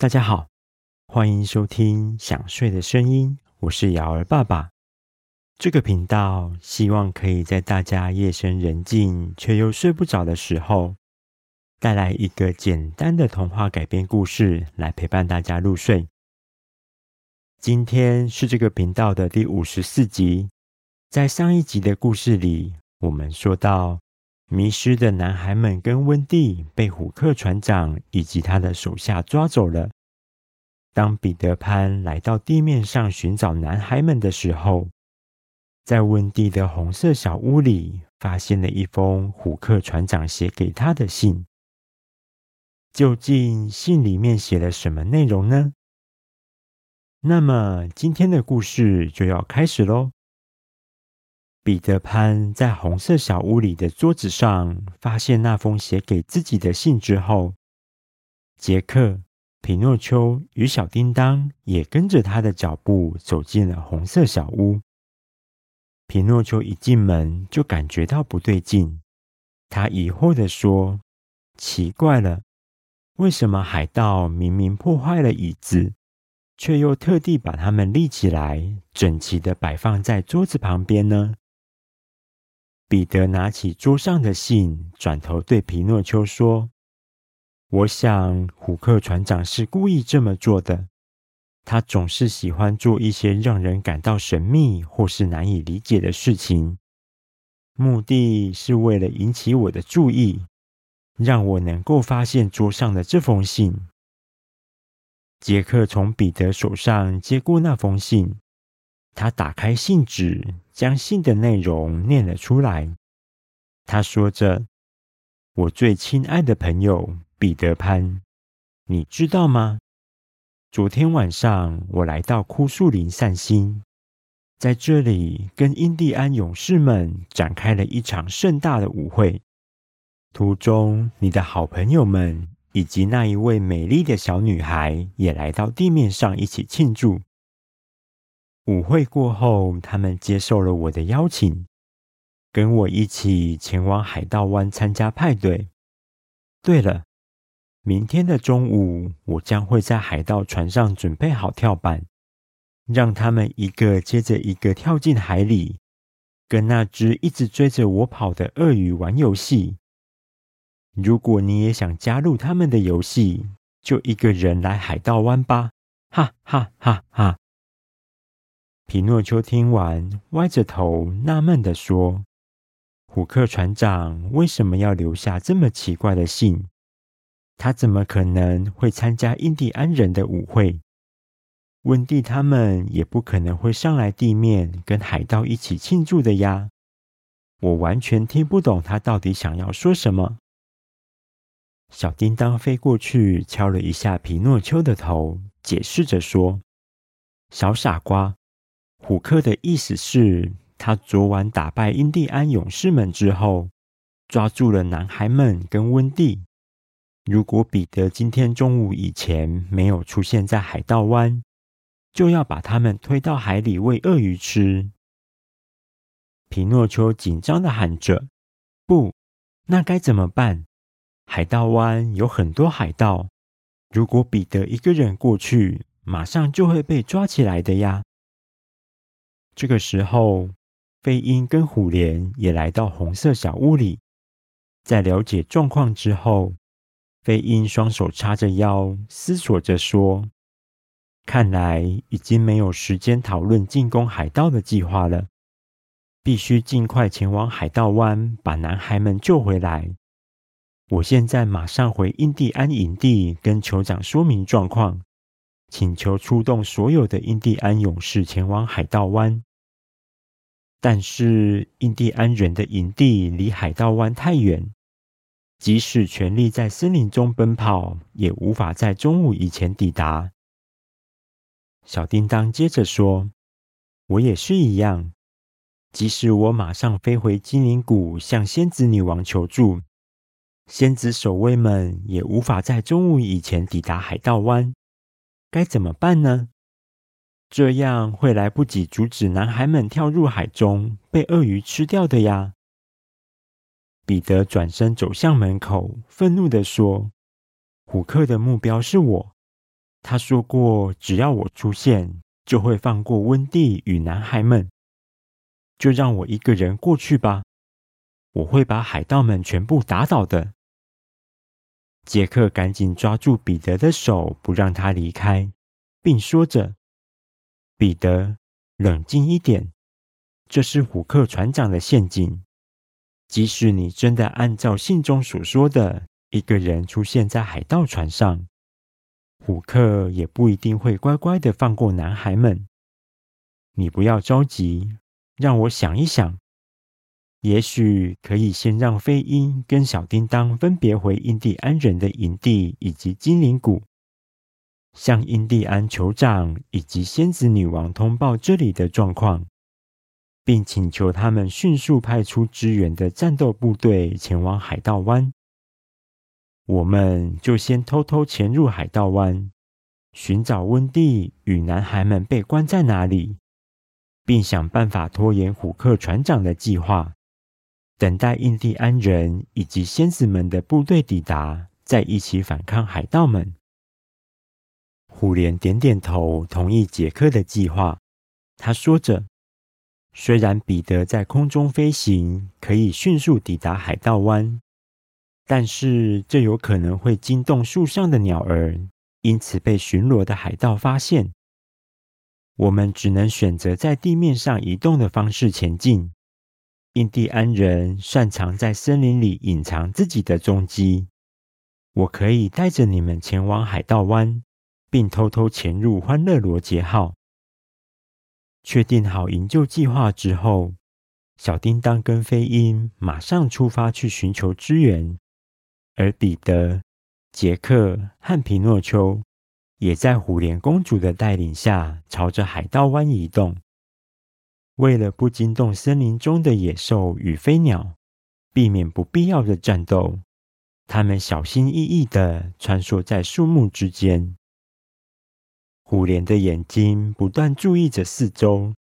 大家好，歡迎收聽《想睡的聲音》，我是堯兒爸爸。這個頻道希望可以在大家夜深人靜卻又睡不着的時候，帶來一個簡單的童話改編故事，來陪伴大家入睡。今天是這個頻道的第五十四集，在上一集的故事裡，我們說到。迷失的男孩們跟溫蒂被虎克船長以及他的手下抓走了。當彼得潘來到地面上尋找男孩們的時候，在溫蒂的紅色小屋裡發現了一封虎克船長寫給他的信。究竟信裡面寫了什麼內容呢？那麼今天的故事就要開始嘍。彼得潘在紅色小屋裡的桌子上發現那封寫給自己的信之後，傑克、皮諾丘與小叮噹也跟着他的腳步走進了紅色小屋。皮諾丘一進門就感覺到不對勁，他疑惑地說：“奇怪了，為什麼海盜明明破壞了椅子，卻又特地把它們立起來，整齊地擺放在桌子旁邊呢？”彼得拿起桌上的信，轉頭對皮諾丘說：「我想，虎克船長是故意這麼做的。他總是喜歡做一些讓人感到神秘或是難以理解的事情，目的是為了引起我的注意，讓我能夠發現桌上的這封信。」傑克從彼得手上接過那封信。他打開信紙，將信的內容念了出來。他說着：“我最親愛的朋友彼得潘，你知道嗎？昨天晚上我來到枯樹林散心，在這裡跟印第安勇士們展開了一場盛大的舞會。途中，你的好朋友們以及那一位美麗的小女孩也來到地面上一起慶祝。”舞會過後，他們接受了我的邀請，跟我一起前往海盜灣參加派對。對了，明天的中午，我將會在海盜船上準備好跳板，讓他們一個接着一個跳進海裡，跟那隻一直追着我跑的鱷魚玩遊戲。如果你也想加入他們的遊戲，就一個人來海盜灣吧！哈哈哈哈。皮諾丘聽完，歪着頭納悶地說：“虎克船長為什麼要留下這麼奇怪的信？他怎麼可能會參加印第安人的舞會？溫蒂他們也不可能會上來地面跟海盜一起慶祝的呀！我完全聽不懂他到底想要說什麼。”小叮當飛過去，敲了一下皮諾丘的頭，解釋着說：“小傻瓜。”虎克的意思是他昨晚打敗印第安勇士們之後，抓住了男孩們跟溫蒂。如果彼得今天中午以前沒有出現在海盜灣，就要把他們推到海裡餵鱷魚吃。皮諾丘緊張地喊着：“不，那該怎麼辦？海盜灣有很多海盜，如果彼得一個人過去，馬上就會被抓起來的呀。”這個時候，飛鷹跟虎蓮也來到紅色小屋裡。在了解狀況之後，飛鷹雙手叉着腰，思索着說：“看來已經沒有時間討論進攻海盜的計劃了，必須盡快前往海盜灣把男孩們救回來。我現在馬上回印第安營地，跟酋長說明狀況，請求出動所有的印第安勇士前往海盜灣。”但是印第安人的營地離海盜灣太遠，即使全力在森林中奔跑，也無法在中午以前抵達。小叮噹接着說：“我也是一樣，即使我馬上飛回精靈谷向仙子女王求助，仙子守衛們也無法在中午以前抵達海盜灣，該怎麼辦呢？”這樣會來不及阻止男孩們跳入海中，被鱷魚吃掉的呀！彼得轉身走向門口，憤怒地說：“虎克的目標是我，他說過，只要我出現，就會放過溫蒂與男孩們。就讓我一個人過去吧，我會把海盜們全部打倒的。”傑克趕緊抓住彼得的手，不讓他離開，並說着。彼得，冷靜一點。這是虎克船長的陷阱。即使你真的按照信中所說的，一個人出現在海盜船上，虎克也不一定會乖乖的放過男孩們。你不要着急，讓我想一想。也許可以先讓飛鷹跟小叮當分別回印第安人的營地以及精靈谷。向印第安酋長以及仙子女王通報這裡的狀況，並請求他們迅速派出支援的戰鬥部隊前往海盜灣。我們就先偷偷潛入海盜灣，尋找溫蒂與男孩們被關在哪裡，並想辦法拖延虎克船長的計劃，等待印第安人以及仙子們的部隊抵達，再一起反抗海盜們。虎蓮點點頭，同意傑克的計劃。他說着：“雖然彼得在空中飛行可以迅速抵達海盜灣，但是這有可能會驚動樹上的鳥兒，因此被巡邏的海盜發現。我們只能選擇在地面上移動的方式前進。印第安人擅長在森林裡隱藏自己的蹤跡，我可以帶着你們前往海盜灣。”並偷偷潛入“歡樂羅傑號”，確定好營救計劃之後，小叮噹跟飛鷹馬上出發去尋求支援，而彼得、傑克和皮諾丘也在虎蓮公主的帶領下，朝着海盜灣移動。為了不驚動森林中的野獸與飛鳥，避免不必要的戰鬥，他們小心翼翼地穿梭在樹木之間。虎聯的眼睛不斷注意着四周，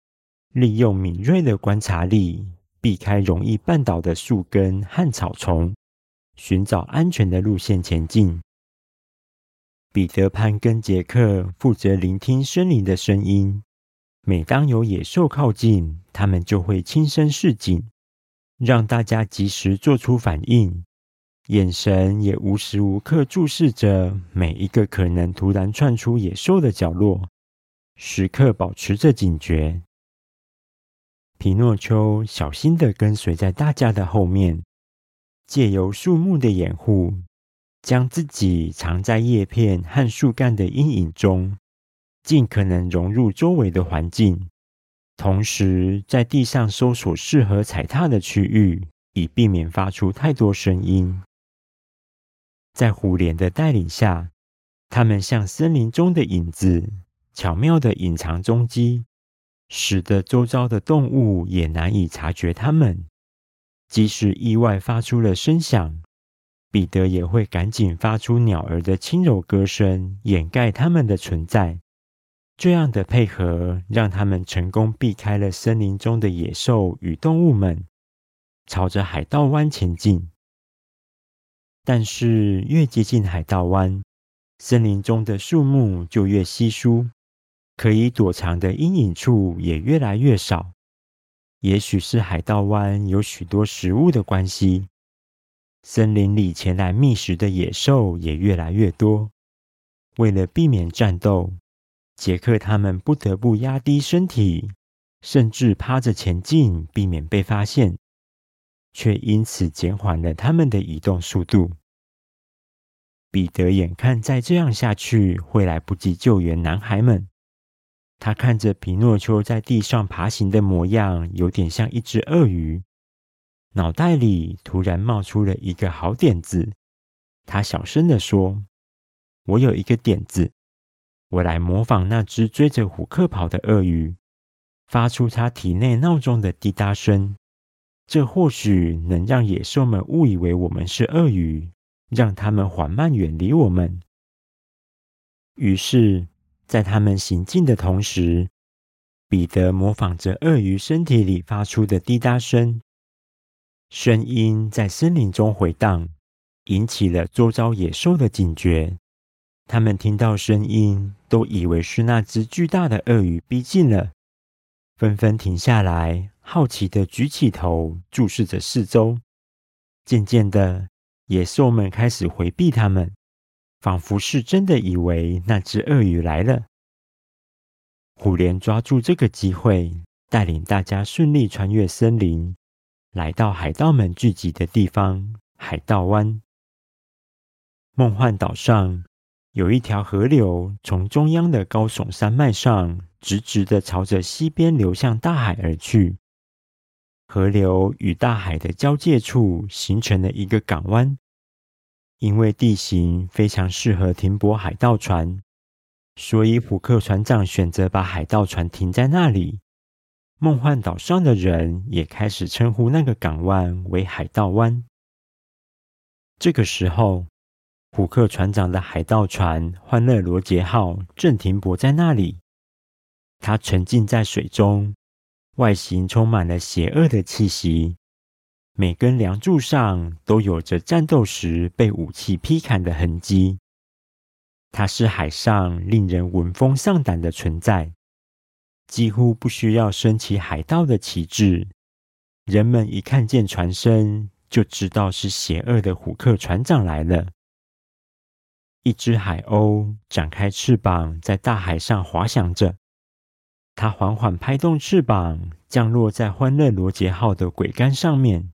利用敏銳的觀察力，避開容易絆倒的樹根和草叢，尋找安全的路線前進。彼得潘跟傑克負責聆聽森林的聲音，每當有野獸靠近，他們就會親身示警，讓大家及時做出反應。眼神也無時無刻注視着每一個可能突然竄出野獸的角落，時刻保持着警覺。皮諾丘小心地跟隨在大家的後面，借由樹木的掩護，將自己藏在葉片和樹幹的陰影中，盡可能融入周圍的環境，同時在地上搜索適合踩踏的區域，以避免發出太多聲音。在虎蓮的帶領下，他們像森林中的影子，巧妙地隱藏蹤跡，使得周遭的動物也難以察覺他們。即使意外發出了聲響，彼得也會趕緊發出鳥兒的輕柔歌聲，掩蓋他們的存在。這樣的配合，讓他們成功避開了森林中的野獸與動物們，朝着海盜灣前進。但是越接近海盜灣，森林中的樹木就越稀疏，可以躲藏的陰影處也越來越少。也許是海盜灣有許多食物的關係，森林裡前來覓食的野獸也越來越多。為了避免戰鬥，傑克他們不得不壓低身體，甚至趴着前進，避免被發現。卻因此減緩了他們的移動速度。彼得眼看再這樣下去會來不及救援男孩們，他看着皮諾丘在地上爬行的模樣，有點像一隻鱷魚。腦袋裡突然冒出了一個好點子，他小聲地說：“我有一個點子，我來模仿那隻追着虎克跑的鱷魚，發出它體內鬧鐘的滴答聲。”這或許能讓野獸們誤以為我們是鱷魚，讓他們緩慢遠離我們。於是，在他們行進的同時，彼得模仿着鱷魚身體裡發出的滴答聲，聲音在森林中回盪，引起了周遭野獸的警覺。他們聽到聲音，都以為是那隻巨大的鱷魚逼近了，紛紛停下來。.好奇的舉起頭，注視着四周。漸漸的，野獸們開始回避他們，仿佛是真的以為那隻鱷魚來了。虎蓮抓住這個機會，帶領大家順利穿越森林，來到海盜們聚集的地方——海盜灣。夢幻島上有一條河流，從中央的高聳山脈上直直的朝着西邊流向大海而去。河流與大海的交界處形成了一個港灣，因為地形非常適合停泊海盜船，所以虎克船長選擇把海盜船停在那裡。夢幻島上的人也開始稱呼那個港灣為海盜灣。這個時候，虎克船長的海盜船“歡樂羅傑號”正停泊在那裡，它沉浸在水中。外形充滿了邪惡的氣息，每根梁柱上都有着戰鬥時被武器劈砍的痕跡。它是海上令人聞風喪膽的存在，幾乎不需要升起海盜的旗幟，人們一看見船身就知道是邪惡的虎克船長來了。一隻海鷗展開翅膀，在大海上滑翔着。他緩緩拍動翅膀，降落在歡樂羅傑號的桅杆上面。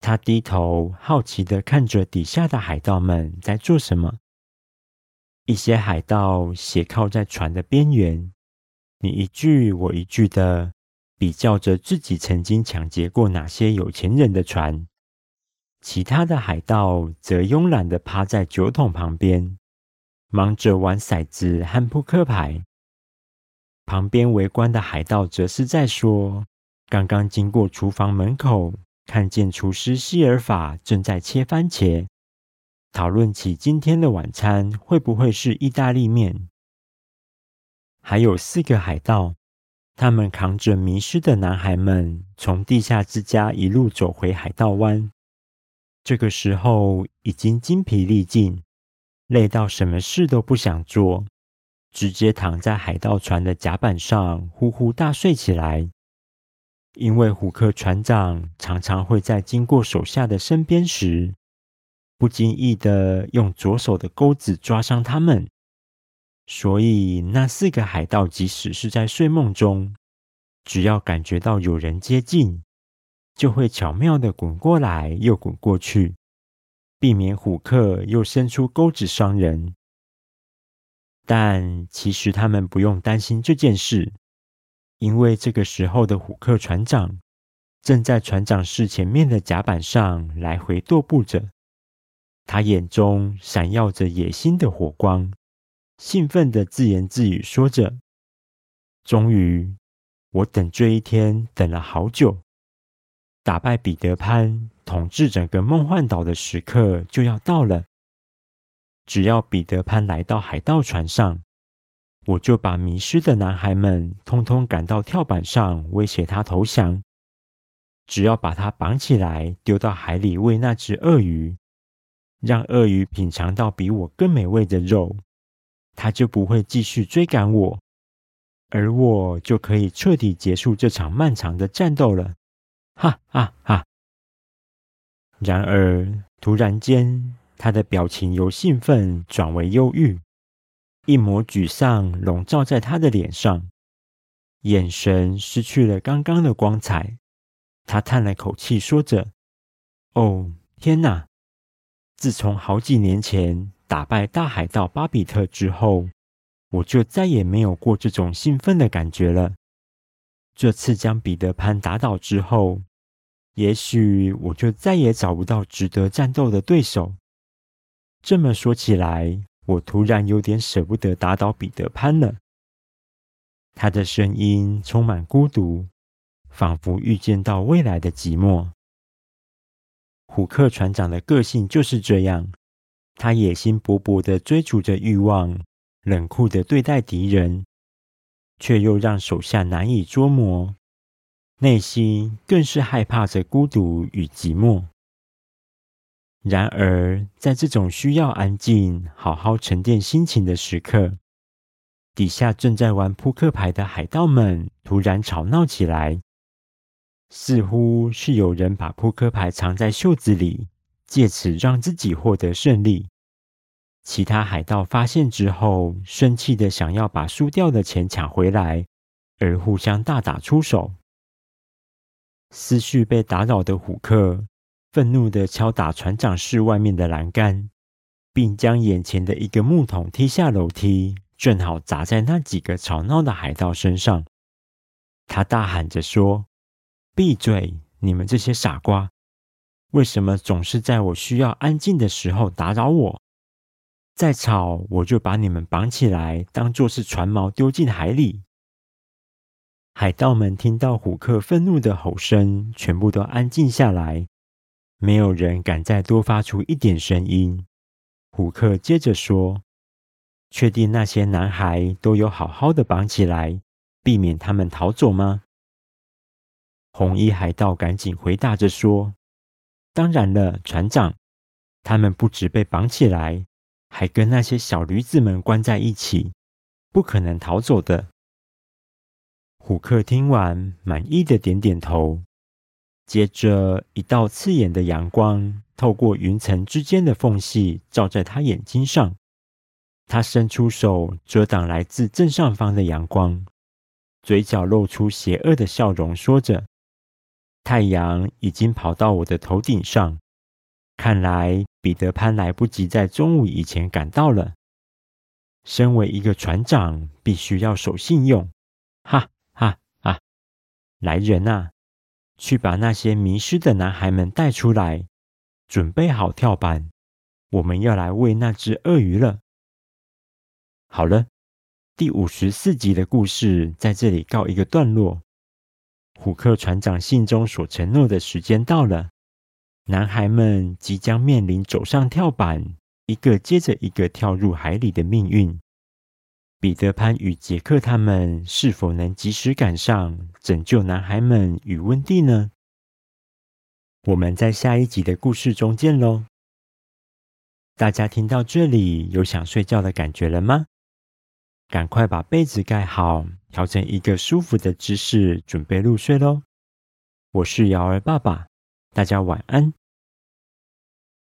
他低頭好奇的看着底下的海盜們在做什麼。一些海盜斜靠在船的邊緣，你一句我一句的比較着自己曾經搶劫過哪些有錢人的船。其他的海盜則慵懶的趴在酒桶旁邊，忙着玩骰子和撲克牌。旁邊圍觀的海盜則是在說：“剛剛經過廚房門口，看見廚師希爾法正在切番茄，討論起今天的晚餐會不會是意大利麵。”還有四個海盜，他們扛着迷失的男孩們，從地下之家一路走回海盜灣。這個時候已經精疲力盡，累到什麼事都不想做。直接躺在海盜船的甲板上呼呼大睡起來，因為虎克船長常常會在經過手下的身邊時，不經意的用左手的鈎子抓傷他們，所以那四個海盜即使是在睡夢中，只要感覺到有人接近，就會巧妙的滾過來又滾過去，避免虎克又伸出鈎子傷人。但其實他們不用擔心這件事，因為這個時候的虎克船長正在船長室前面的甲板上來回踱步着，他眼中閃耀着野心的火光，興奮地自言自語說着：“終於，我等這一天等了好久，打敗彼得潘，統治整個夢幻島的時刻就要到了。”只要彼得潘來到海盜船上，我就把迷失的男孩們通通趕到跳板上，威脅他投降。只要把他綁起來，丟到海裡餵那隻鱷魚，讓鱷魚品嘗到比我更美味的肉，他就不會繼續追趕我，而我就可以徹底結束這場漫長的戰鬥了。哈哈哈哈！然而，突然間。他的表情由興奮轉為憂鬱，一抹沮喪籠罩在他的臉上，眼神失去了剛剛的光彩。他嘆了口氣，說着：“哦，天哪！自從好幾年前打敗大海盜巴比特之後，我就再也沒有過這種興奮的感覺了。這次將彼得潘打倒之後，也許我就再也找不到值得戰鬥的對手。”這麼說起來，我突然有點舍不得打倒彼得潘了。他的聲音充滿孤獨，仿佛預見到未來的寂寞。虎克船長的個性就是這樣，他野心勃勃地追逐着欲望，冷酷地對待敵人，卻又讓手下難以捉摸，內心更是害怕着孤獨與寂寞。然而，在這種需要安靜、好好沉澱心情的時刻，底下正在玩撲克牌的海盜們突然吵鬧起來，似乎是有人把撲克牌藏在袖子裡，借此讓自己獲得勝利。其他海盜發現之後，生氣的想要把輸掉的錢搶回來，而互相大打出手。思緒被打擾的虎克，憤怒地敲打船長室外面的欄杆，並將眼前的一個木桶踢下樓梯，正好砸在那幾個吵鬧的海盜身上。他大喊着說：“閉嘴！你們這些傻瓜，為什麼總是在我需要安靜的時候打擾我？再吵，我就把你們綁起來，當做是船錨丟進海裡。”海盜們聽到虎克憤怒的吼聲，全部都安靜下來。沒有人敢再多發出一點聲音。虎克接着說：“確定那些男孩都有好好的綁起來，避免他們逃走嗎？”紅衣海盜趕緊回答着說：“當然了，船長。他們不止被綁起來，還跟那些小驢子們關在一起，不可能逃走的。”虎克聽完，滿意的點點頭。接着，一道刺眼的陽光透過雲層之間的縫隙照在他眼睛上。他伸出手遮擋來自正上方的陽光，嘴角露出邪惡的笑容，說着：“太陽已經跑到我的頭頂上，看來彼得潘來不及在中午以前趕到了。身為一個船長，必須要守信用。哈”“哈，哈，啊！來人啊！”去把那些迷失的男孩們帶出來，準備好跳板，我們要來喂那隻鱷魚了。好了，第五十四集的故事在這裡告一個段落。虎克船長信中所承諾的時間到了，男孩們即將面臨走上跳板，一個接着一個跳入海裡的命運。彼得潘與傑克他們是否能及時趕上拯救男孩們與溫蒂呢？我們在下一集的故事中見嘍！大家聽到這裡有想睡覺的感覺了嗎？趕快把被子蓋好，調整一個舒服的姿勢，準備入睡嘍！我是堯兒爸爸，大家晚安。